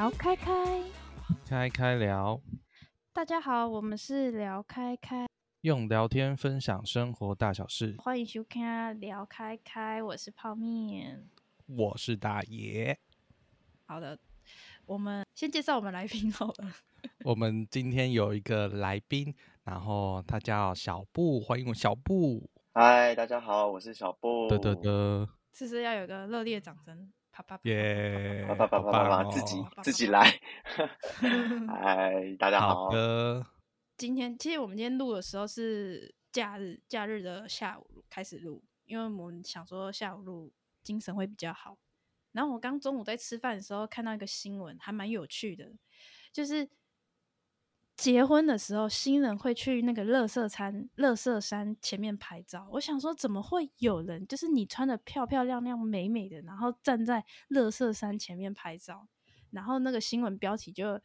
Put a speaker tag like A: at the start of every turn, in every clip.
A: 聊開開，
B: 開開聊。
A: 大家好，我們是聊開開，
B: 用聊天分享生活大小事。
A: 歡迎收看聊開開，我是泡麵，
B: 我是大爺。
A: 好的，我們先介紹我們來賓
C: 好了。
B: 我們今天有一個來賓，然後他叫小布，歡迎我小布。
C: 嗨，大家好，我是小布。得得得，是不是要有個
A: 熱烈的掌聲？
C: 爸爸爸爸爸爸，自己自己來。嗨，大家好哦。
A: 今天其實我們今天錄的時候是假日，假日的下午開始錄，因為我們想說下午錄精神會比較好。然後我剛中午在吃飯的時候看到一個新聞，還蠻有趣的，就是。結婚的時候，新人會去那個垃圾山、垃圾山前面拍照。我想說，怎麼會有人就是你穿得漂漂亮亮、美美的，然後站在垃圾山前面拍照？然後那個新聞標題就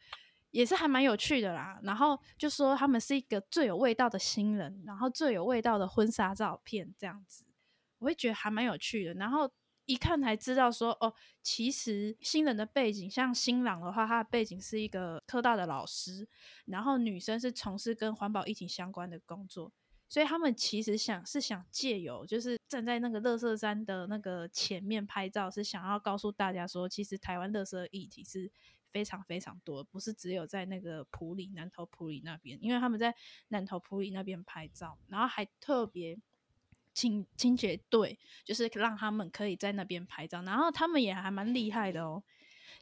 A: 也是還蠻有趣的啦。然後就說他們是一個最有味道的新人，然後最有味道的婚紗照片這樣子，我會覺得還蠻有趣的。然後。一看才知道說哦，其實新人的背景，像新郎的話，他的背景是一個科大的老師，然後女生是從事跟環保議題相關的工作，所以他們其實想是想借由就是站在那個垃圾山的那個前面拍照，是想要告訴大家說，其實台灣垃圾議題是非常非常多，不是只有在那個埔里、南投埔里那邊，因為他們在南投埔里那邊拍照，然後還特別。清清潔隊就是讓他們可以在那邊拍照，然後他們也還蠻厲害的哦、喔，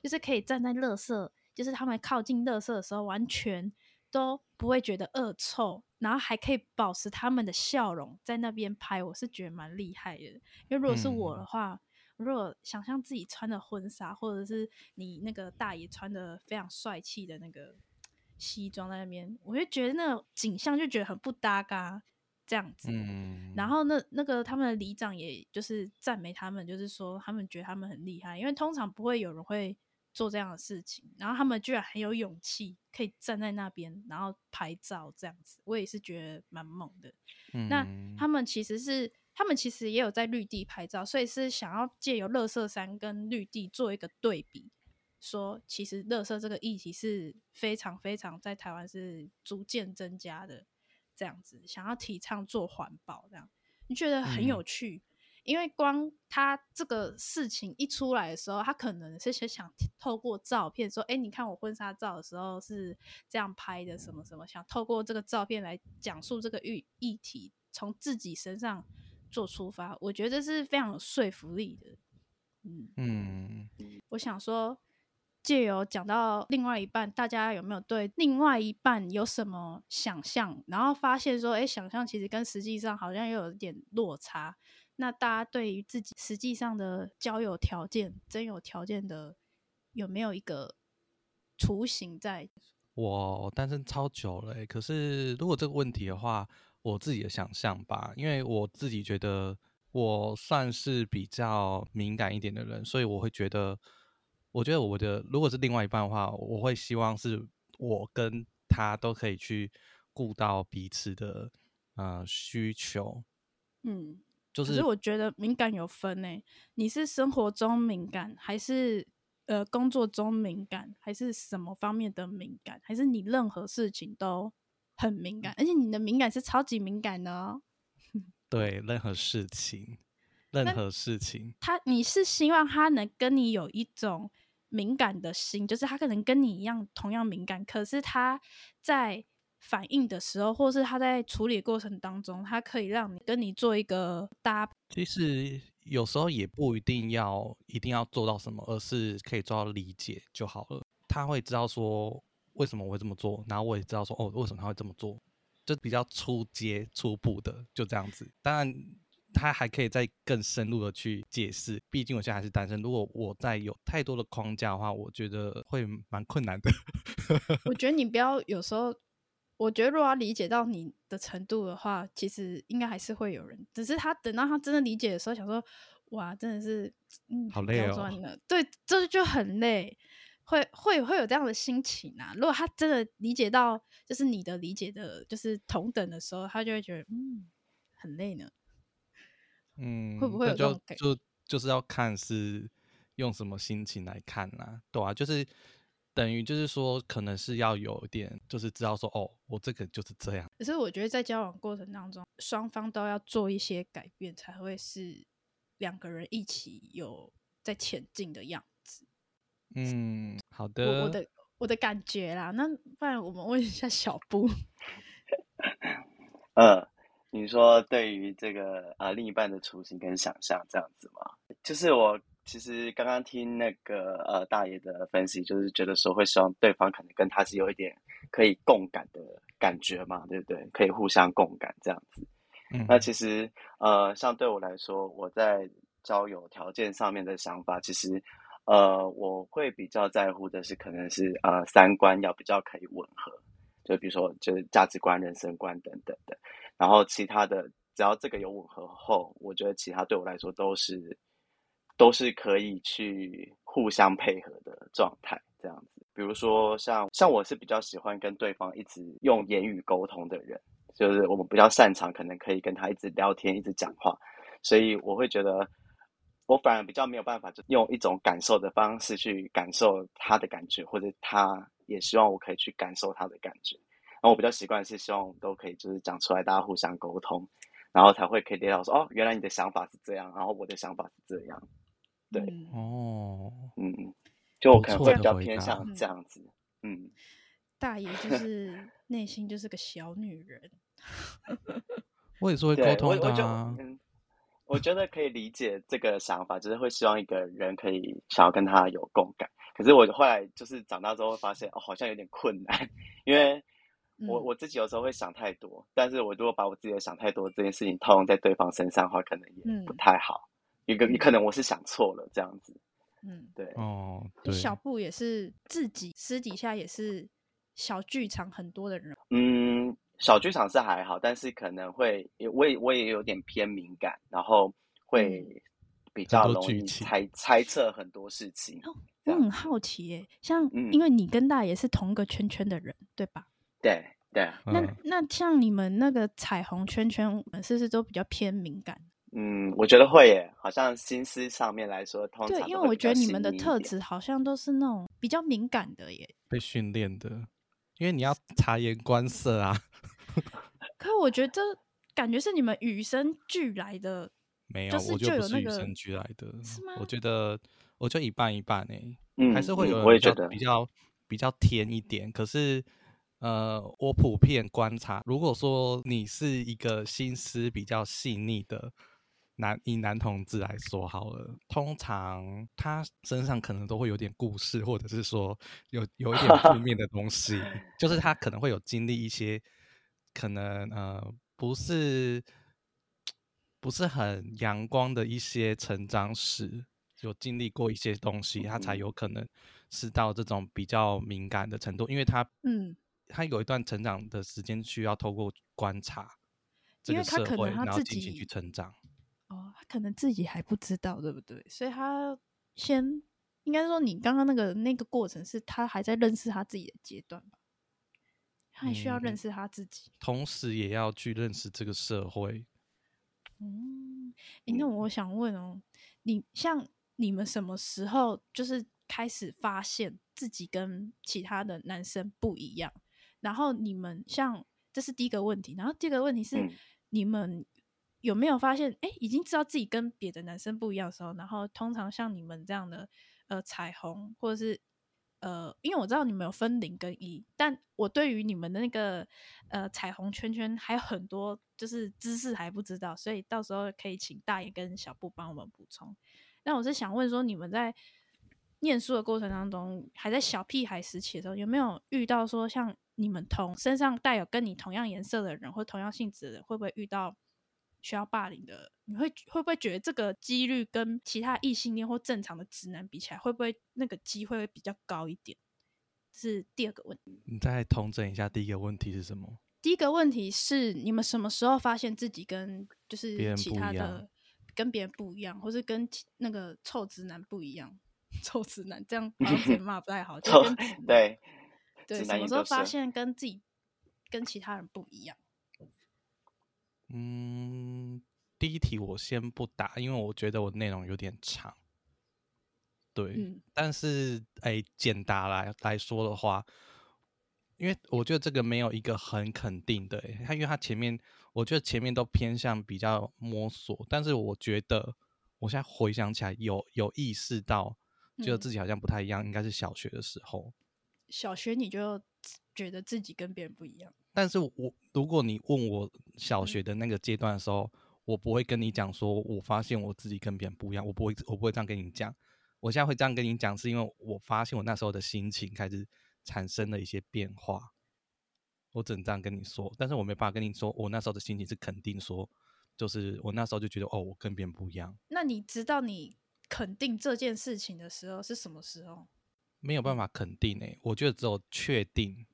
A: 就是可以站在垃圾，就是他們靠近垃圾的時候，完全都不會覺得惡臭，然後還可以保持他們的笑容在那邊拍，我是覺得蠻厲害的。因為如果是我的話，嗯、如果想象自己穿的婚紗，或者是你那個大爺穿的非常帥氣的那個西裝在那邊，我就覺得那個景象就覺得很不搭嘎。這樣子，嗯、然後那那個他們的里長也就是讚美他們，就是說他們覺得他們很厲害，因為通常不會有人會做這樣的事情，然後他們居然很有勇氣可以站在那邊然後拍照這樣子，我也是覺得蠻猛的。嗯、那他們其實是他們其實也有在綠地拍照，所以是想要借由垃圾山跟綠地做一個對比，說其實垃圾這個議題是非常非常在台灣是逐漸增加的。這樣子，想要提倡做環保，這樣。你覺得很有趣。嗯，因為光他這個事情一出來的時候，他可能是想透過照片說：“哎、欸，你看我婚紗照的時候是這樣拍的，什麼什麼。嗯”想透過這個照片來講述這個議題，從自己身上做出發，我覺得這是非常有說服力的。
C: 嗯
A: 嗯，我想說。借由講到另外一半，大家有沒有對另外一半有什麼想象？然後發現說，哎、欸，想象其實跟實際上好像又有一點落差。那大家對於自己實際上的交友條件、真有條件的，有沒有一個雛形在？
B: 我單身超久了、欸，可是如果這個問題的話，我自己的想象吧，因為我自己覺得我算是比較敏感一點的人，所以我會覺得。我覺得，我覺得，如果是另外一半的話，我會希望是我跟他都可以去顧到彼此的呃需求。嗯，
A: 就是。可是我覺得敏感有分誒，你是生活中敏感，還是呃工作中敏感，還是什麼方面的敏感，還是你任何事情都很敏感，而且你的敏感是超級敏感的哦。
B: 對，任何事情，任何事情。
A: 他，你是希望他能跟你有一種。敏感的心，就是他可能跟你一樣，同樣敏感。可是他在反應的時候，或是他在處理過程當中，他可以讓你跟你做一個搭配。
B: 其實有時候也不一定要一定要做到什麼，而是可以做到理解就好了。他會知道說為什麼我會這麼做，然後我也知道說哦為什麼他會這麼做，就比較初階初步的就這樣子。當然。他還可以再更深入的去解釋，畢竟我現在還是單身。如果我再有太多的框架的話，我覺得會蠻困難的。
A: 我覺得你不要有時候，我覺得如果要理解到你的程度的話，其實應該還是會有人，只是他等到他真的理解的時候，想說哇，真的是嗯，好累哦。對，這就，就很累，會會會有這樣的心情啊。如果他真的理解到就是你的理解的，就是同等的時候，他就會覺得嗯，很累呢？
B: 嗯，會不會那就就就是要看是用什麼心情來看吶？啊，對啊，就是等於就是說，可能是要有點，就是知道說，哦，我這個就是這樣。
A: 可是我覺得在交往過程當中，雙方都要做一些改變，才會是兩個人一起有在前進的樣子。嗯，
C: 好的，我，我的
A: 我的感覺啦，那不然我們問一下小布。呃
C: ，uh。你說對於這個啊、呃、另一半的雛形跟想象這樣子嗎？就是我其實剛剛聽那個呃大爺的分析，就是覺得說會希望對方可能跟他是有一點可以共感的感覺嘛，對不對？可以互相共感這樣子。嗯。那其實呃像對我來說，我在交友條件上面的想法，其實呃我會比較在乎的是，可能是呃三觀要比較可以吻合。就比如說，就是價值觀、人生觀等等等，然後其他的，只要這個有吻合後，我覺得其他對我來說都是都是可以去互相配合的狀態。這樣子，比如說像像我是比較喜歡跟對方一直用言語溝通的人，就是我們比較擅長，可能可以跟他一直聊天、一直講話，所以我會覺得。我反而比較沒有辦法，就用一種感受的方式去感受他的感覺，或者他也希望我可以去感受他的感覺。然後我比較習慣是希望我們都可以就是講出來，大家互相溝通，然後才會可以了解到說，哦，原來你的想法是這樣，然後我的想法是這樣。對，哦、嗯，嗯嗯，就我可能會比較偏向這樣子。嗯，
A: 大爺就是內心就是個小女人。
B: 我也是會溝通的啊。
C: 我覺得可以理解這個想法，就是會希望一個人可以想要跟他有共感。可是我後來就是長大之後發現，哦，好像有點困難，因為我我自己有時候會想太多。嗯，但是我如果把我自己的想太多這件事情套用在對方身上的話，可能也不太好。嗯，有一個你可能我是想錯了這樣子。嗯，對。哦，對。小
A: 布也是自己私底下也是小劇場很多的人。
C: 小劇場是還好，但是可能會，我也我也有點偏敏感，然後會比較容易猜、嗯、猜測很多事情。哦、
A: 我很好奇耶、欸，像、嗯、因為你跟大爺是同個圈圈的人，對吧？
C: 對對。那、嗯、
A: 那像你們那個彩虹圈圈，我們是不是都比較偏敏感？
C: 嗯，我覺得會耶、欸，好像心思上面來說，通常對，因為我覺得你們的特
A: 質好像都是那種比較敏感的
C: 耶。
B: 被訓練的，因為你要察言觀色啊。
A: 可我覺得這感覺是你們與生俱來的，沒有，就是就有那個、我就是與生
B: 俱來的，我覺得我就一半一半誒、欸嗯，還是會有人我也覺得比較比較甜一點。可是，呃，我普遍觀察，如果說你是一個心思比較細膩的男以男同志來說，好了，通常他身上可能都會有點故事，或者是說有有一點負面,面的東西， 就是他可能會有經歷一些。可能呃，不是不是很陽光的一些成長史，有經歷過一些東西，嗯，他才有可能是到這種比較敏感的程度，因為他嗯，他有一段成長的時間需要透過觀察，因為他可能他自己進進去成長，
A: 哦，他可能自己還不知道，對不對？所以他先應該說，你剛剛那個那個過程是他還在認識他自己的階段吧。他還需要認識他自己、
B: 嗯，同時也要去認識這個社會。
A: 嗯，欸、那我想問哦、喔嗯，你像你們什麼時候就是開始發現自己跟其他的男生不一樣？然後你們像這是第一個問題，然後第二個問題是、嗯、你們有沒有發現，哎、欸，已經知道自己跟別的男生不一樣的時候？然後通常像你們這樣的，呃，彩虹或者是。呃，因為我知道你們有分零跟一，但我對於你們的那個呃彩虹圈圈，還有很多就是知識還不知道，所以到時候可以請大爺跟小布幫我們補充。那我是想問說，你們在念書的過程當中，還在小屁孩時期的時候，有沒有遇到說像你們同身上帶有跟你同樣顏色的人或同樣性質的人，會不會遇到？需要霸凌的，你會會不會覺得這個幾率跟其他異性戀或正常的直男比起來，會不會那個機會會比較高一點？是第二個問題。你
B: 再統整一下，第一個問題是什麼？
A: 第一個問題是你們什麼時候發現自己跟就是其他的，跟別人不一樣，或是跟那個臭直男不一樣？臭直男這樣自己罵不太好。臭 直 對對，什麼時候發現跟自己跟其他人不一樣？
B: 嗯，第一題我先不答，因為我覺得我內容有點長。對，嗯、但是哎、欸，簡單來來說的話，因為我覺得這個沒有一個很肯定的、欸，它因為它前面我覺得前面都偏向比較摸索，但是我覺得我現在回想起來有，有有意識到，覺得自己好像不太一樣，嗯、應該是小學的時候。
A: 小學你就覺得自己跟別人不一樣？
B: 但是我如果你問我小學的那個階段的時候，我不會跟你講說，我發現我自己跟別人不一樣。我不會，我不會這樣跟你講。我現在會這樣跟你講，是因為我發現我那時候的心情開始產生了一些變化。我只能這樣跟你說，但是我沒辦法跟你說，我那時候的心情是肯定說，就是我那時候就覺得哦，我跟別人不一樣。
A: 那你知道你肯定這件事情的時候是什麼時候？
B: 沒有辦法肯定欸，我覺得只有確定。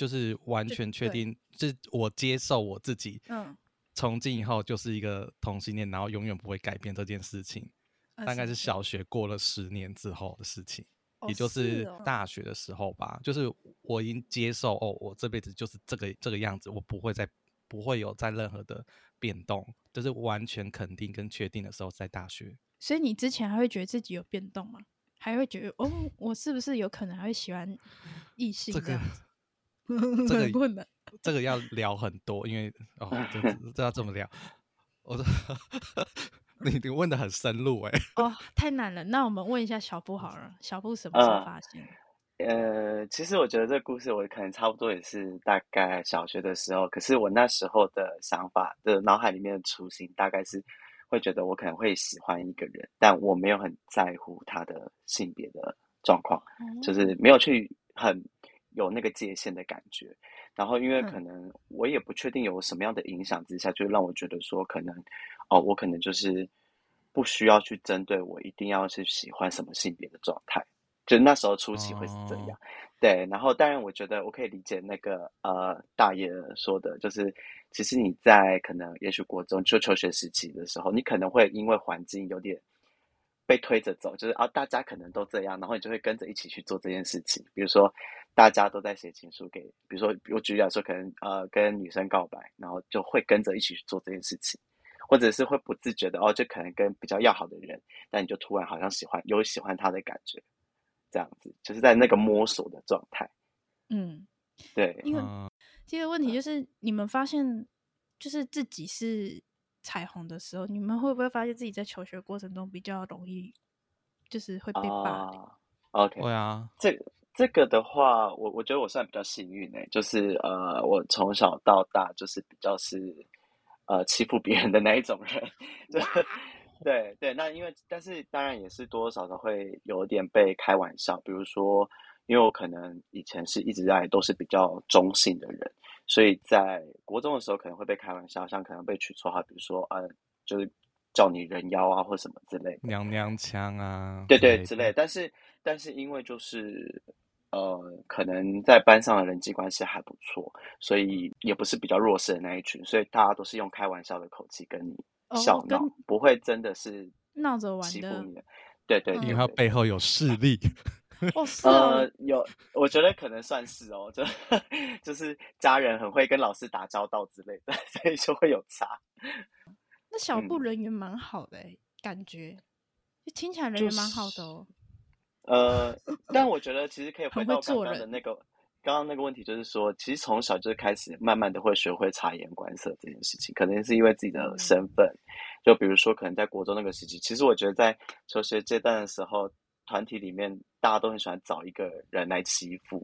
B: 就是完全確定，就是我接受我自己，嗯，從今以後就是一個同性戀，然後永遠不會改變這件事情、啊。大概是小學過了十年之後的事情，也就是大學的時候吧。哦是哦，就是我已經接受哦，我這輩子就是這個這個樣子，我不會再不會有再任何的變動，就是完全肯定跟確定的時候在大學。
A: 所以你之前還會覺得自己有變動嗎？還會覺得哦，我是不是有可能還會喜歡異性這樣子？這個 這個困難，
B: 這個要聊很多，因為哦，這這要這麼聊。 我說就 你你問得很深入哎，哇、
A: oh，太難了。那我們問一下小布好了， 小布什麼時候發
C: 現？呃，呃其實我覺得這個故事，我可能差不多也是大概小學的時候。可是我那時候的想法的腦、就是、海裡面的雛形，大概是會覺得我可能會喜歡一個人，但我沒有很在乎他的性別的狀況、嗯，就是沒有去很。有那個界限的感覺，然後因為可能我也不確定有什麼樣的影響之下、嗯，就讓我覺得說可能哦、呃，我可能就是不需要去針對我一定要去喜歡什麼性別的狀態，就那時候初期會是這樣。嗯、對，然後當然我覺得我可以理解那個呃大爺說的，就是其實你在可能也許國中就求學時期的時候，你可能會因為環境有點。被推着走，就是啊，大家可能都這樣，然後你就會跟着一起去做這件事情。比如說，大家都在寫情書給，比如說我舉例說，可能呃跟女生告白，然後就會跟着一起去做這件事情，或者是會不自覺的哦，就可能跟比較要好的人，但你就突然好像喜歡，有喜歡他的感覺，這樣子，就是在那個摸索的狀態。嗯，對，因
A: 為這個問題就是你們發現，就是自己是。彩虹的時候，你們會不會發現自己在求學過程中比較容易，
C: 就是會被霸凌 o、oh, k、okay. 會啊。對啊，這這個的話，我我覺得我算比較幸運呢、欸，就是呃，我從小到大就是比較是呃欺負別人的那一種人，就是、 對對對，那因為但是當然也是多多少少會有點被開玩笑，比如說，因為我可能以前是一直在都是比較中性的人。所以在國中的時候可能會被開玩笑，像可能被取綽號，比如說呃，就是叫你人妖啊或什麼之類，娘娘腔啊，對對，對之類的對。但是但是因為就是呃，可能在班上的人際關係還不錯，所以也不是比較弱勢的那一群，所以大家都是用開玩笑的口氣跟你笑鬧、哦，不會真的是鬧着玩欺負你，不對，對，對，對，對，對對，因為他背後有勢力。啊 哦，是、啊、呃，有，我覺得可能算是哦，就就是家人很會跟老師打交道之類的， 所以就會有差。
A: 那小布人緣蠻好的、欸嗯，感覺聽起來人也蠻好
C: 的哦。就是、呃， 但我覺得其實可以回到剛剛的那個，剛剛那個問題，就是說，其實從小就是開始慢慢的會學會察言觀色這件事情，可能是因為自己的身份、嗯，就比如說可能在國中那個時期，其實我覺得在求學階段的時候，團體裡面。大家都很喜歡找一個人來欺負，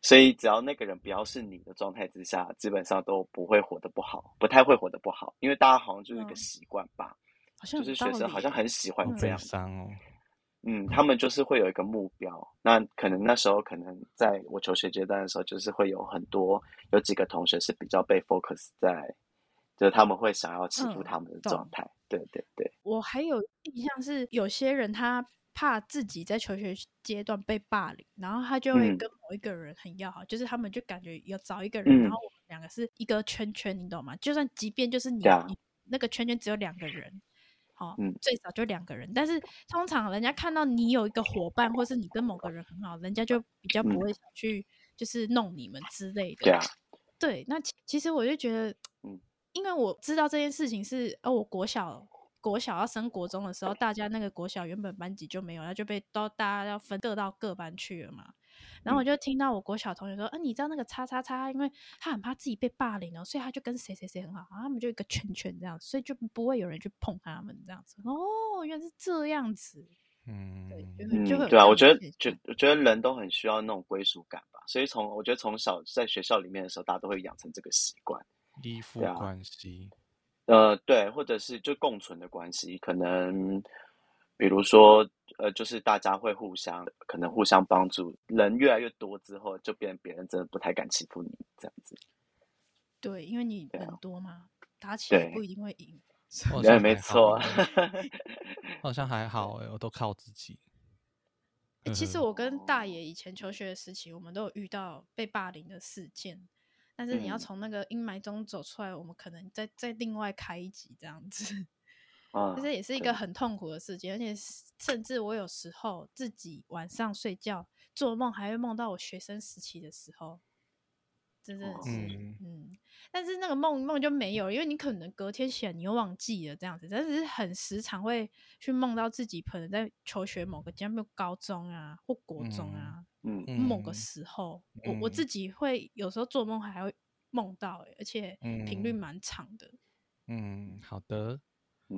C: 所以只要那個人不要是你的狀態之下，基本上都不會活得不好，不太會活得不好，因為大家好像就是一個習慣吧，嗯、就是學生好像很喜歡這樣嗯，嗯，嗯，嗯，他們就是會有一個目標，那可能那時候可能在我求學階段的時候，就是會有很多有幾個同學是比較被 focus 在，就是他們會想要欺負他們的狀態，嗯、對對對。
A: 我還有印象是有些人他。怕自己在求學階段被霸凌，然後他就會跟某一個人很要好，嗯、就是他們就感覺要找一個人，嗯、然後我們兩個是一個圈圈，你懂嗎？就算即便就是你那個圈圈只有兩個人，好、嗯哦，最少就兩個人，但是通常人家看到你有一個夥伴，或是你跟某個人很好，人家就比較不會想去就是弄你們之類的。嗯、對那其實我就覺得，因為我知道這件事情是，哦，我國小。國小要升國中的時候，大家那個國小原本班級就沒有，然後就被都大家要分各到各班去了嘛。然後我就聽到我國小同學說：“哎、嗯啊，你知道那個叉叉叉，因為他很怕自己被霸凌哦，所以他就跟誰誰誰很好，然後他們就一個圈圈這樣子，所以就不會有人去碰他們這樣子”。哦，原來是這樣子，嗯，對
C: 嗯，對啊，我覺得覺、欸、我覺得人都很需要那種歸屬感吧。所以從我覺得從小在學校裡面的時候，大家都會養成這個習慣，依附關係。呃，對，或者是就共存的關係，可能比如說，呃，就是大家會互相，可能互相幫助。人越來越多之後，就變別人真的不太敢欺負你這樣子。
A: 對，因為你人多嘛，打起來不一定會
B: 贏。
C: 好像沒錯，我
B: 好像還好哎、 欸，我都靠自己、欸。其實我
A: 跟大爺以前求學的時期，我們都有遇到被霸凌的事件。
C: 但是你要從
A: 那個陰霾中走出來，嗯、我們可能再再另外開一集這樣子，
C: 啊，其 實也是一個很
A: 痛苦的事情，而且甚至我有時候自己晚上睡覺做夢，還會夢到我學生時期的時候，真的是，哦、嗯、嗯，但是那個夢夢就沒有，因為你可能隔天起來，你又忘記了這樣子，但是很時常會去夢到自己可能在求學某個階段，嗯、比如高中啊或國中啊。嗯嗯，某個時候，嗯、我我自己會有時候做夢，還會夢到、欸，而且頻率蠻長的嗯。嗯，
B: 好的，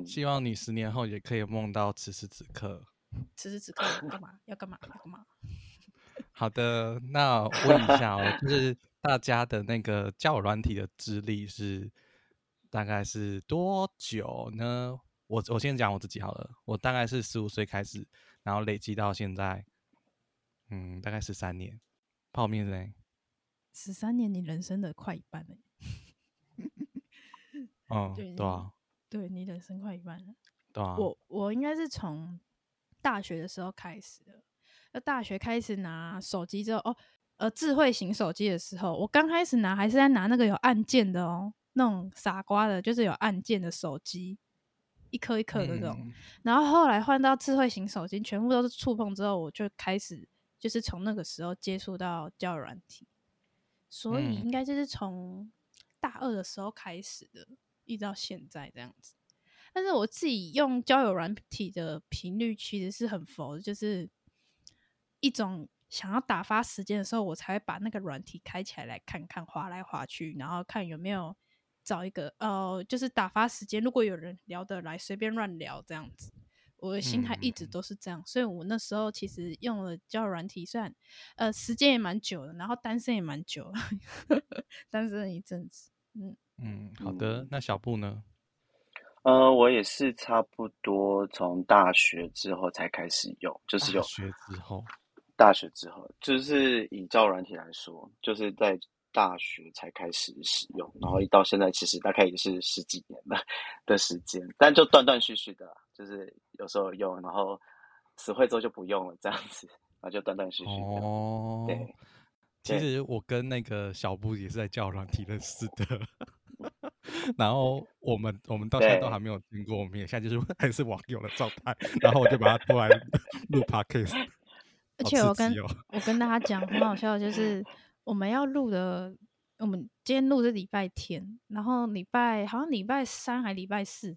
B: 希望你十年後也可以夢到此時此刻。
A: 此時此刻，幹嘛？ 要幹嘛？要幹嘛？
B: 好的，那問一下哦，就是大家的那個交友軟體的資歷是大概是多久呢？我我先講我自己好了，我大概是十五歲開始，然後累積到現在。嗯，大概十三年，泡麵呢？
A: 十三年，你人生的快一半了， 哦。哦對、啊、對你人生快一半了。對啊，我我應該是從大學的時候開始的。那大學開始拿手機之後，哦，呃，智慧型手機的時候，我剛開始拿還是在拿那個有按鍵的哦，那種傻瓜的，就是有按鍵的手機，一顆一顆的那種、嗯。然後後來換到智慧型手機，全部都是觸碰之後，我就開始。就是從那個時候接觸到交友軟體，所以應該就是從大二的時候開始的，一直、嗯、到現在這樣子。但是我自己用交友軟體的頻率其實是很佛的，就是一種想要打發時間的時候，我才會把那個軟體開起來，來，看看劃來劃去，然後看有沒有找一個呃，就是打發時間。如果有人聊得來，隨便亂聊這樣子。我的心態一直都是這樣、嗯，所以我那時候其實用了交友軟體，算，呃時間也蠻久的，然後單身也蠻久了呵呵，單身一陣子，嗯嗯，
B: 好的，那小布呢？
C: 嗯、呃，我也是差不多從大學之後才開始用，就是大學之後，就是、就大學之後，就是以交友軟體來說，就是在大學才開始使用，嗯、然後一到現在其實大概也是十幾年了的時間，但就斷斷續續的。就是有時候有用，然後使會之後就不用了，這樣子，然後就斷斷續續哦對。對，其實
B: 我跟那個小布也是在交友軟體認識的。 然後我們我們到現在都還沒有聽過，我們也現在就是還是網友的狀態。 然後我就把它拖來錄 podcast。而且我跟、哦、
A: 我跟大家講很好笑，就是我們要錄的，我們今天錄是禮拜天，然後禮拜好像禮拜三還禮拜四。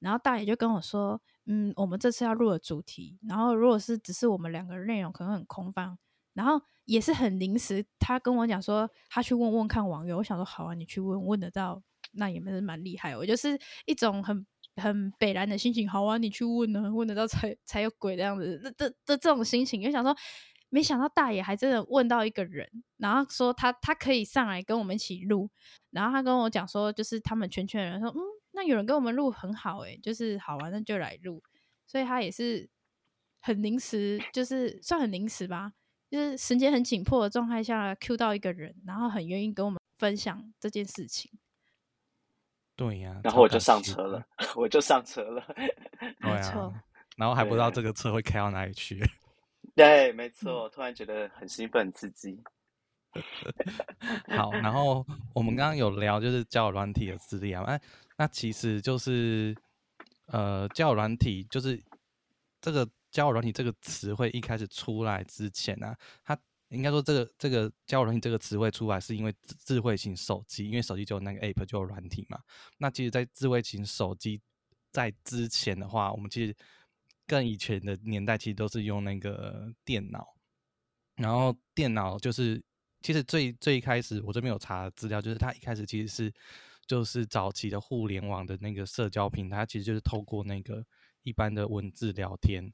A: 然後大爺就跟我說：“嗯，我們這次要錄的主題，然後如果是只是我們兩個內容，可能很空泛，然後也是很臨時。他跟我講說，他去問問看網友。我想說，好啊，你去問問得到，那也是蠻厲害。我就是一種很很北爛的心情。好啊，你去問呢、啊，問得到才才有鬼的樣子，這這這種心情。因為想說，沒想到大爺還真的問到一個人，然後說他他可以上來跟我們一起錄。然後他跟我講說，就是他們圈圈的人說，嗯。”那有人跟我們錄很好哎、欸，就是好玩，的就來錄。所以他也是很臨時，就是算很臨時吧，就是時間很緊迫的狀態下，Q 到一個人，然後很願意跟我們分享這件事情。
B: 對呀、啊，然後我就上車
C: 了，我就上車了，啊、 沒錯。
B: 然後還不知道這個車會開到哪裡去。
C: 對，沒錯。嗯、突然覺得很興奮、很刺激。
B: 好，然後我們剛剛有聊，就是交友軟體的資歷啊，哎那其實就是，呃，交友軟體，就是這個交友軟體這個詞彙一開始出來之前呢、啊，它應該說這個這個交友軟體這個詞彙出來，是因為智慧型手機，因為手機就有那個 app 就有軟體嘛。那其實，在智慧型手機在之前的話，我們其實更以前的年代其實都是用那個電腦，然後電腦就是其實最最開始我這邊有查資料，就是它一開始其實是。就是早期的互聯網的那個社交平台，它其實就是透過那個一般的文字聊天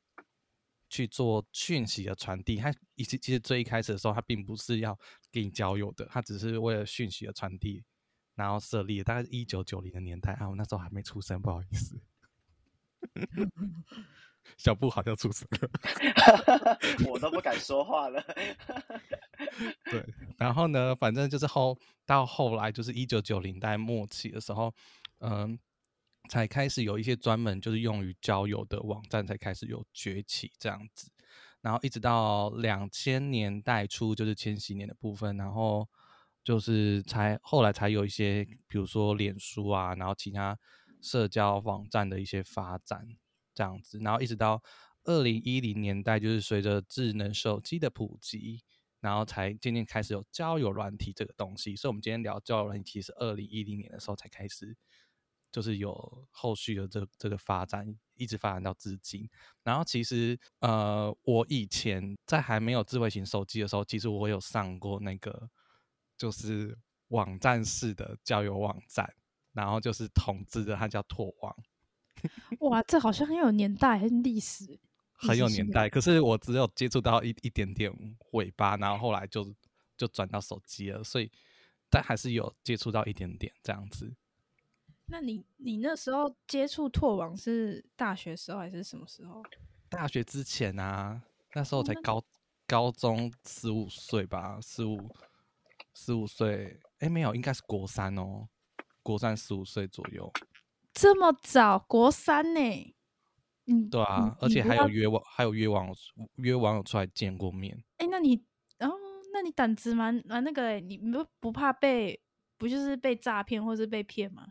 B: 去做訊息的傳遞。它其實其實最一開始的時候，它並不是要給你交友的，它只是為了訊息的傳遞，然後設立。大概一九九零的年代啊，我那時候還沒出生，不好意思。 小布好像猝死
C: 了，我都不敢說話了
B: 對，然後呢，反正就是後到後來，就是一九九零代末期的時候，嗯，才開始有一些專門就是用於交友的網站才開始有崛起這樣子。然後一直到兩千年代初，就是千禧年的部分，然後就是才後來才有一些，比如說臉書啊，然後其他社交網站的一些發展。這樣子，然後一直到二零一零年代，就是隨着智能手機的普及，然後才漸漸開始有交友軟體這個東西。所以，我們今天聊交友軟體是二零一零年的時候才開始，就是有後續的這這個發展，一直發展到至今。然後，其實呃，我以前在還沒有智慧型手機的時候，其實我有上過那個就是網站式的交友網站，然後就是同志的，它叫拓網。
A: 哇，這好像很有年代，很歷史，史。很有年
B: 代，可是我只有接觸到一一點點尾巴，然後後來就就轉到手機了，所以但還是有接觸到一點點這樣子。
A: 那你你那時候接觸拓網是大學時候還是什麼時候？
B: 大學之前啊，那時候才高、嗯、高中十五歲吧，十五十五歲，哎、欸、沒有，應該是國三哦、喔，國三，十五歲左右。
A: 這麼早，國三呢、欸？嗯，對啊，而且還有
B: 約網，還有約網約網友出來見過面。
A: 哎、欸，那你，然、哦、後那你膽子蠻蠻那個、欸，你不不怕被不就是被詐騙或是被騙嗎？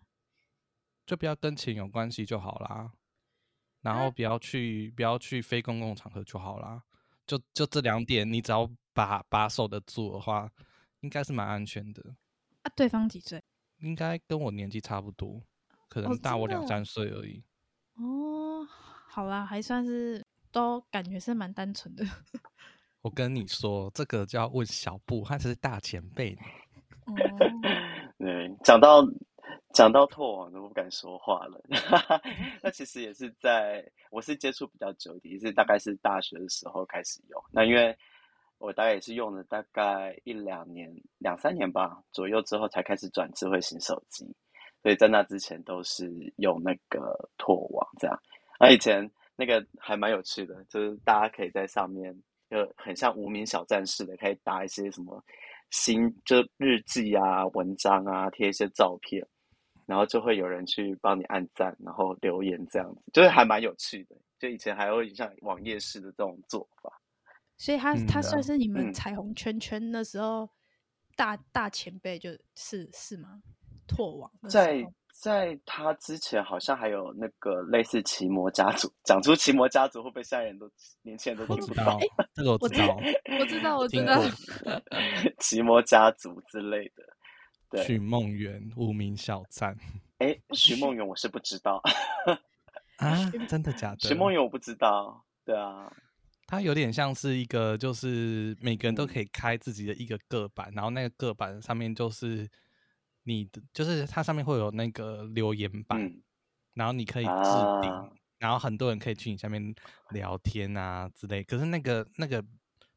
B: 就不要跟錢有關係就好啦，然後不要去、欸、不要去非公共場合就好啦。就就這兩點，你只要把把守得住的話，應該是蠻安全的。
A: 啊，對方幾歲？
B: 應該跟我年紀差不多。可能大我兩三歲而已。
A: 哦，哦好啦，還算是都感覺是蠻單純的。
B: 我跟你說，這個就要問小布，他是大前
C: 輩。嗯、 對，講到講到拓網，我不敢說話了。 那其實也是在我是接觸比較久的，也是大概是大學的時候開始用。那因為我大概也是用了大概一兩年、兩三年吧左右之後，才開始轉智慧型手機。所以在那之前都是用那個拓網這樣，那、啊、以前那個還蠻有趣的，就是大家可以在上面，就很像無名小站似的，可以打一些什麼新，就日記啊、文章啊，貼一些照片，然後就會有人去幫你按讚，然後留言這樣子，就是還蠻有趣的。就以前還會像網頁式的這種做法，所以他他算是你們
A: 彩虹圈圈的時候、嗯啊嗯、大大前輩，就是是，是嗎？拓網在
C: 在他之前好像還有那個類似奇摩家族，講出奇摩家族會不會現在人都年輕人都聽不到？那、這個我知道， 我知道，我知道，我知道，聽 過奇摩家族之類的。許
B: 夢圓無名小站，
C: 哎、欸，許夢圓我是不知道
B: 啊，真的假的？許夢
C: 圓我不知道，對
B: 啊，他有點像是一個，就是每個人都可以開自己的一個個版，嗯、然後那個個版上面就是。你的就是它上面會有那個留言板，嗯、然後你可以置頂，啊，然後很多人可以去你下面聊天啊之類。可是那個那個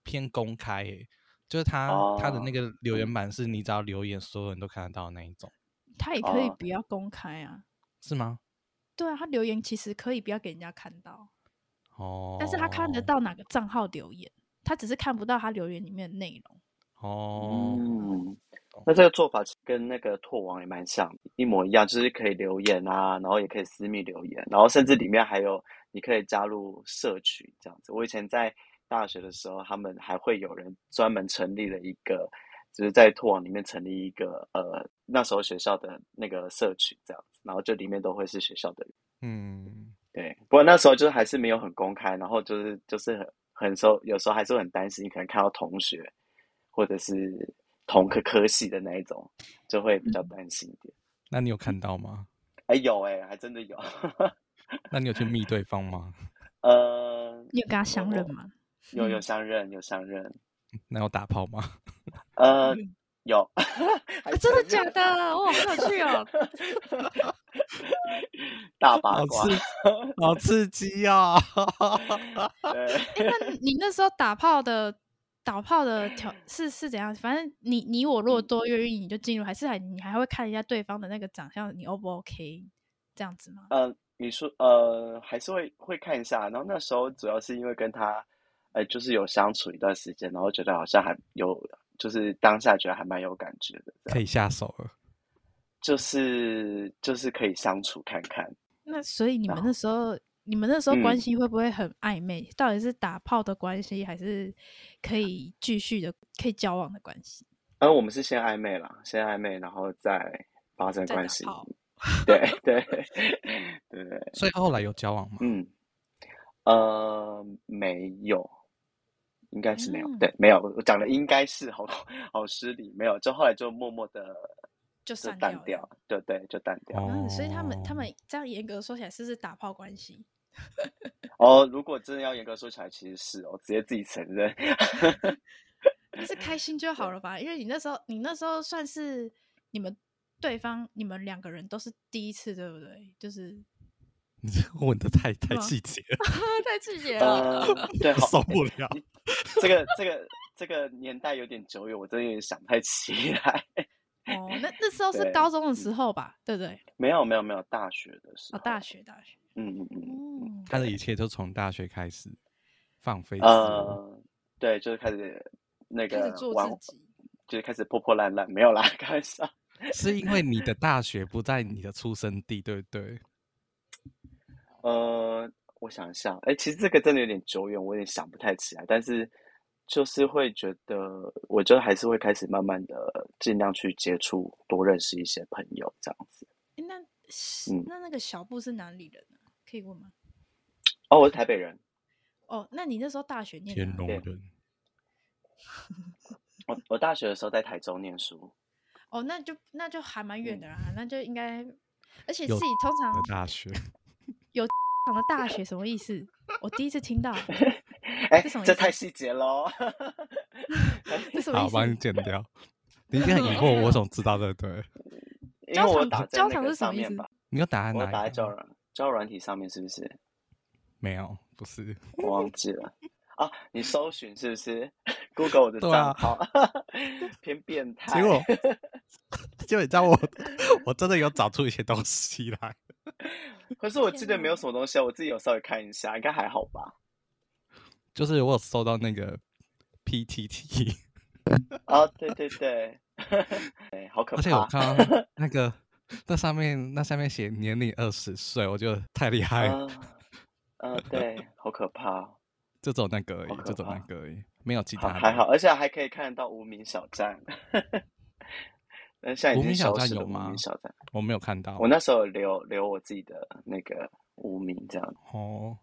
B: 偏公開，就是他他、啊、的那個留言板是你只要留言，所有人都看得到的那一種。
A: 他也可以不要公開啊？是嗎？對啊，他留言其實可以不要給人家看到
B: 哦。但是他看
A: 得到哪個賬號留言，他只是看不到他留言裡面的內容
C: 哦。嗯嗯那這個做法跟那個拓網也蠻像，一模一樣，就是可以留言啊，然後也可以私密留言，然後甚至裡面還有你可以加入社群這樣子。我以前在大學的時候，他們還會有人專門成立了一個，就是在拓網裡面成立一個呃，那時候學校的那個社群這樣子，然後就裡面都會是學校的人。嗯，對。不過那時候就是還是沒有很公開，然後就是就是很很時候有時候還是很擔心，你可能看到同學或者是。同個科系的那一種，就會比較擔心一點、嗯。
B: 那你有看到嗎？
C: 哎、欸，有，哎、欸，還真的有。
B: 那你有去密對方嗎？
C: 呃，你有跟他相認嗎？有有相認、嗯，有相認。
B: 那有打炮嗎、
C: 嗯？呃，有。 啊、真的假的了？我 好想去哦！大 八卦，好刺，好刺激啊、哦！哎、 欸，
A: 那你，你那時候打炮的？打炮的條是是怎樣？反正你你我如果多願意，你就進入，還是還你還會看一下對方的那個長相，你 O 不 OK 這
C: 樣子嗎？呃，你說呃，還是會會看一下，然後那時候主要是因為跟他，欸，就是有相處一段時間，然後覺得好像還有，就是當下覺得還蠻有感覺的，可以下手了，就是就是可以相處看看。
A: 那所以你們那時候。你們那時候關係會不會很曖昧，嗯？到底是打炮的關係，還是可以繼續的，可以交往的關係？
C: 呃，我們是先曖昧了，先曖昧，然後再發生關係。 對對對，
B: 所以後來有交往嗎？嗯，
C: 呃，沒有，應該是沒有，嗯。對，沒有，我講的應該是好好失禮，沒有。就後來就默默的就淡掉，對對，就淡掉。嗯，
A: 所以他們他們這樣嚴格說起來，是不是打炮關係？
C: 哦、 oh,，如果真的要嚴格說起來，其實是我直接自己承認，
A: 但 是開心就好了吧，因為你那時候，你那時候算是你們對方，你們兩個人都是第一次，對不對？就是
B: 你問的太太細節了，
A: 太細節了，oh. 太細節了 uh, 對，受 不了。
C: 這個這個這個年代有點久遠，我真的有點想不太起來。
A: 哦、 oh,，那那時候是高中的時候吧，對不對,
C: 對？沒有沒有沒有，大學的時候，大、oh, 學大學。大學
B: 嗯嗯嗯，他的一切都從大學開始放飛，呃，
C: 對，就是開始那個做自己，就是開始破破爛爛，沒有啦，開始是，是因為你
B: 的大學不在你的出生地， 對不對，對？
C: 呃，我想一下，哎、欸，其實這個真的有點久遠，我有點想不太起來，但是就是會覺得，我就還是會開始慢慢的儘量去接觸，多認識一些朋友，這樣子。欸、那、嗯、那那
A: 個小布是哪裡人呢？可以問
C: 嗎？哦，我是台北人。
A: 哦，那你那時候大學念？天龍
C: 人。我我大學的時候在台中念書。
A: 哦，那就那就還蠻遠的啦，嗯，那就應該，而且自己通常
C: 大學，
A: 有什麼大學什麼意思？我第一次聽到。哎， 這什麼意思，欸？這太細節嘍。
C: 這什麼好？我幫你剪掉。 你已經很疑惑，我
B: 怎麼知道對不對？教 場教場是什麼意思？我你有答案我打在
C: 哪兒？交軟體上面是不是？
B: 沒有，不是，我忘記
C: 了啊！你搜尋是不是？Google 我的賬號，啊、 偏變態。結果，
B: 就你知道我， 我真的有找出一些東西來。
C: 可是我記得沒有什麼東西、啊，我自己有稍微看一下，應該還好吧。
B: 就是我有搜到那個 PTT 啊，對
C: 對對，對，哎， 好可怕！而且我看到
B: 那個。 那上面那上面寫年齡二十歲，我覺得太厲害
C: 了。嗯、呃呃，對，好可怕。
B: 就走那個而已，可就走那個而已，沒有其他的。還好，而且
C: 還可以看得到無名小站。那 下無，無名小站有嗎？無名
B: 小站我沒有看到。我那
C: 時候留留我自己的那個無名這
B: 樣。哦，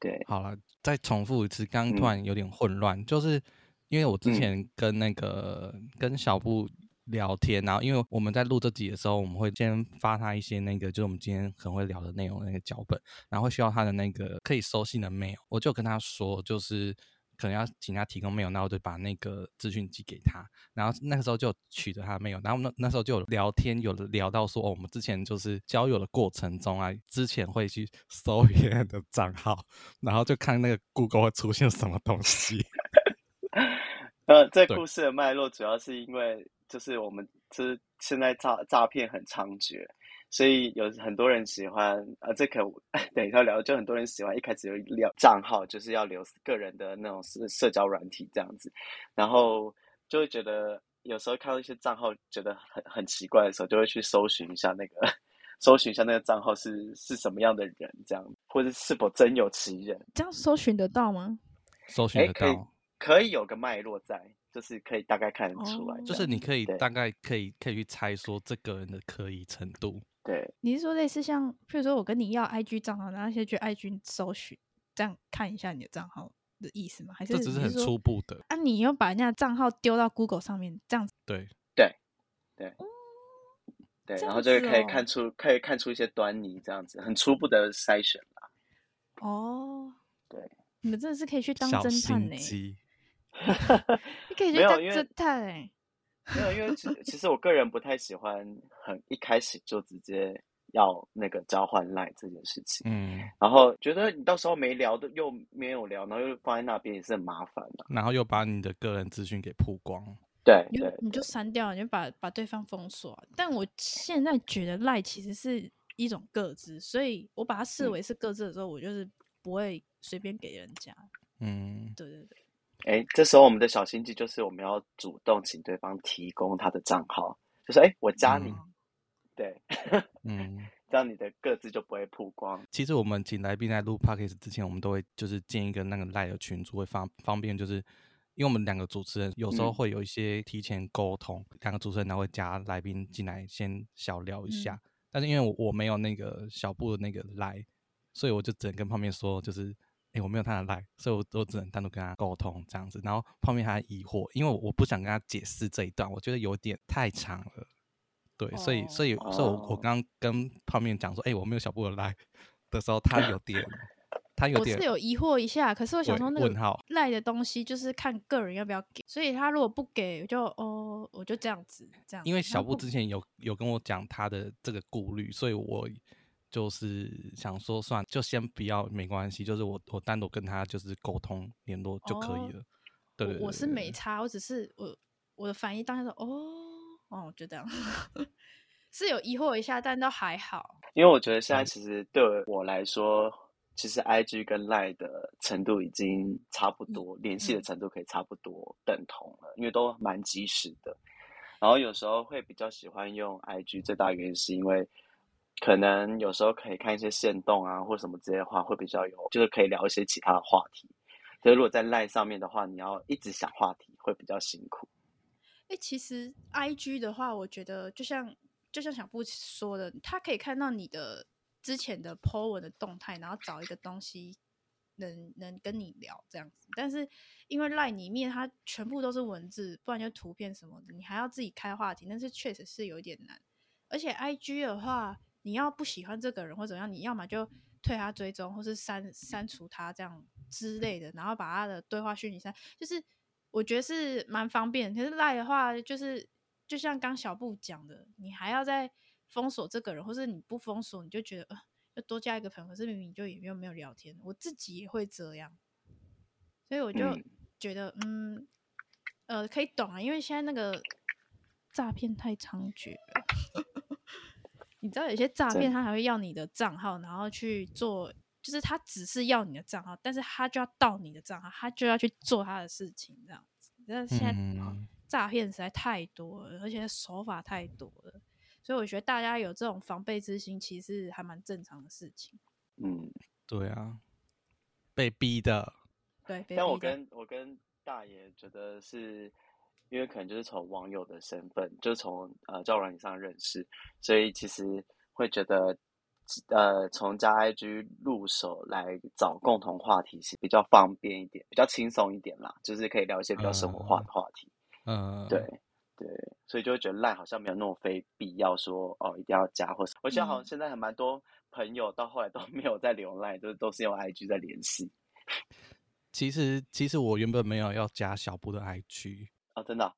B: 對，好了，再重複一次，剛剛突然有點混亂、嗯，就是因為我之前跟那個、嗯、跟小布。聊天，然後因為我們在錄這集的時候，我們會先發他一些那個，就是我們今天可能會聊的內容的那個腳本，然後會需要他的那個可以收信的 mail。我就跟他說，就是可能要請他提供 mail，那我就把那個資訊寄給他，然後那個時候就取得他的 mail。然後那那時候就有聊天，有聊到說、哦、我們之前就是交友的過程中啊，之前會去搜別人的賬號，然後就看那個 Google 會出現什麼東西。呃， 這故
C: 事的脈絡主要是因為。就是我們，就是現在詐詐騙很猖獗，所以有很多人喜歡啊。這可等一下聊，就很多人喜歡一開始有聊賬號，就是要留個人的那種社社交軟體這樣子。然後就會覺得有時候看到一些賬號覺得很很奇怪的時候，就會去搜尋一下那個，搜尋一下那個賬號是是什麼樣的人這樣，或者是否真有其人。
A: 這樣搜尋得到嗎？
B: 搜尋得到可以，
C: 可以有個脈絡在。就是可以大概看得出來，就是你
A: 可
B: 以大概可以可以去猜說這個人的可疑程度。對，
A: 你是說類似像，譬如說我跟你要 IG 賬號，然後先去 IG 搜尋，這樣看一下你的賬號的意思嗎？還是，是這只是很初步的？啊，你又把人家賬號丟到 Google 上面這樣子？
C: 對對對、嗯，對，然後就可以看出，哦、可以看出一些端倪，這樣子很初步的篩選
A: 吧。哦、oh,，
C: 對，
A: 你們真的是可以去當偵探呢、欸。 你可以覺得這、欸、有，因為太沒有，因為其
C: 實我個人不太喜歡很 一開始就直接要那個交換賴這件事情。嗯，然後覺得你到時候沒聊的又沒有聊，然後又放在那邊也是很麻煩的、啊，
B: 然後又把你的個人資訊給曝光。對，對，
A: 對，你你就刪掉，你就把把對方封鎖。但我現在覺得賴其實是一種個資，所以我把它視為是個資的時候、嗯，我就是不會隨便給人家。嗯，
C: 對對對。哎，這時候我們的小心機就是我們要主動請對方提供他的賬號，就是，哎，我加你，嗯、對，嗯， 這樣你的各自就不會曝光、
B: 嗯。其實我們請來賓在錄 podcast 之前，我們都會就是建一個那個 Line 群組，會方方便就是因為我們兩個主持人有時候會有一些提前溝通，嗯、兩個主持人然後會加來賓進來先小聊一下。嗯、但是因為我我沒有那個小布的那個 Line，所以我就只能跟旁邊說就是。欸、我沒有他的賴，所以我我只能單獨跟他溝通這樣子。然後泡麵他疑惑，因為我不想跟他解釋這一段，我覺得有點太長了。對，所以所以所以，所以所以我，哦，我剛跟泡麵講說，哎，欸，我沒有小布的賴的時候，他有點，他有點，我是有
A: 疑惑一下。可是我想說，那個賴的東西就是看個人要不要給，所以他如果不給，就哦，我就這樣子這樣子。因為小布之前
B: 有有跟我講他的這個顧慮，所以我。就是想說算，算就先不要，沒關係。就是我我單獨跟他就是溝通
C: 聯絡就可以了。哦、對，對，我是
A: 沒差，我只是我我的反應當時說，哦哦，就這樣， 是有疑惑一下，但都還好。
C: 因為我覺得現在其實對我來說，嗯、其實 IG 跟 LINE 的程度已經差不多，聯、嗯、繫、嗯、的程度可以差不多等同了，因為都蠻及時的。然後有時候會比較喜歡用 IG，最大原因是因為。可能有時候可以看一些限動啊，或什麼之類的話，會比較有，就是可以聊一些其他的話題。所以如果在賴上面的話，你要一直想話題會比較辛苦。
A: 哎、欸，其實 IG 的話，我覺得就像就像小布說的，他可以看到你的之前的 Po 文的動態，然後找一個東西能能跟你聊這樣子。但是因為賴裡面它全部都是文字，不然就圖片什麼的，你還要自己開話題，但是確實是有點難。而且 IG 的話。你要不喜歡這個人或怎樣，你要麼就退他追蹤，或是刪刪除他這樣之類的，然後把他的對話訊息刪。就是我覺得是蠻方便，可是賴的話就是，就像剛小布講的，你還要再封鎖這個人，或是你不封鎖，你就覺得呃，要多加一個朋友，可是明明就也沒有沒有聊天。我自己也會這樣，所以我就覺得嗯，嗯，呃，可以懂啊，因為現在那個詐騙太猖獗了。 你知道有些詐騙，他還會要你的賬號，然後去做，就是他只是要你的賬號，但是他就要盜你的賬號，他就要去做他的事情，這樣子。但現在詐騙實在太多了，而且手法太多了，所以我覺得大家有這種防備之心，其實還蠻正常的事情。嗯，
B: 對啊，被逼的。
A: 對，
C: 但我跟我跟大爺覺得是，因為可能就是從網友的身份，就是、從呃交友軟體上認識，所以其實會覺得，呃，從加 I G 入手來找共同話題是比較方便一點，比較輕鬆一點啦，就是可以聊一些比較生活化的話題。嗯，對嗯對，所以就會覺得賴好像沒有那麼非必要說哦一定要加或是，或、嗯、者我想好像現在還蠻多朋友到後來都沒有在留賴，都都是用 I G 在聯繫。其實
B: 其實我原本沒有要加小布的 I G。
C: 哦、真
B: 的、啊，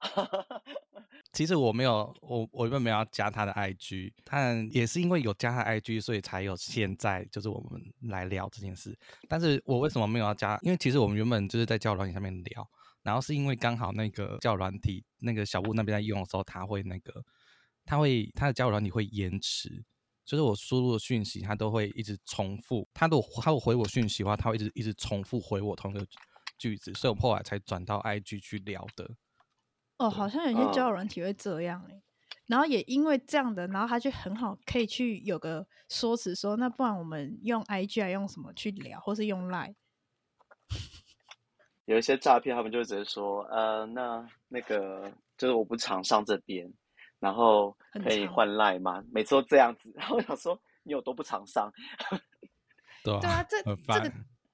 B: 其實我沒有，我我原本沒有要加他的 IG，但也是因為有加他的 IG，所以才有現在就是我們來聊這件事。但是我為什麼沒有要加？因為其實我們原本就是在交友軟體上面聊，然後是因為剛好那個交友軟體那個小布那邊在用的時候，他會那個，他會他的交友軟體會延遲，就是我輸入的訊息，他都會一直重複。他都，如果他回我訊息的話，他會一直一直重複回我同一個句子，所以我們後來才轉到 IG 去聊的。
A: 哦，好像有些交友軟體會這樣哎，欸哦，然後也因為這樣的，然後他就很好可以去有個說辭說，那不然我們用 IG 還用什麼去聊，或是用 l i
C: e。有一些詐騙，他們就會直接說，呃，那那個就是我不常上這邊，然後可以換 l i e 嗎？每次都這樣子，然後我想說你有多不常上，
B: 對啊，這這個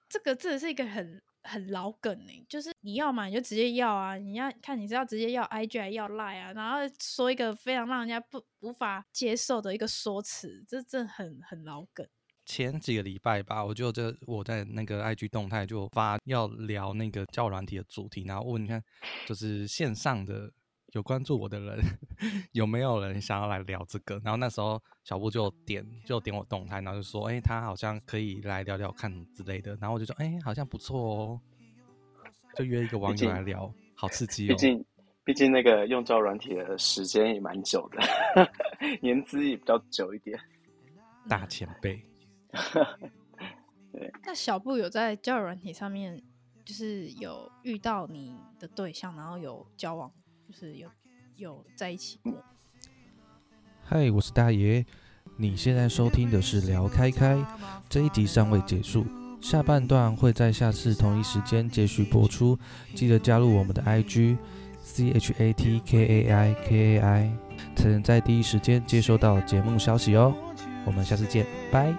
A: 這個真的是一個很。很老梗哎、欸，就是你要嘛你就直接要啊，你要看你是要直接要 IG 還要 LINE 啊，然後說一個非常讓人家不無法接受的一個說辭，這這很很老
B: 梗。前幾個禮拜吧，我就這我在那個 IG 動態就發要聊那個交友軟體的主題，然後問你看就是線上的。有關注我的人，有沒有人想要來聊這個？然後那時候小布就點就點我動態，然後就說：“欸，他好像可以來聊聊看之類的。”然後我就說：“欸，好像不錯哦。”就約一個網友來聊，好刺激喔！畢竟
C: 畢竟那個用交友軟體的時間也蠻久的，年資也比較久一點，
B: 大前輩。
C: 對。
A: 那小布有在交友軟體上面，就是有遇到你的對象，然後有交往？
B: 就是有有在一起過。嗨，我是大爺。你現在收聽的是《聊開開》，這一集尚未結束，下半段會在下次同一時間繼續播出。記得加入我們的 I G C H A T K A I K A I，才能在第一時間接收到節目消息哦。我們下次見，拜。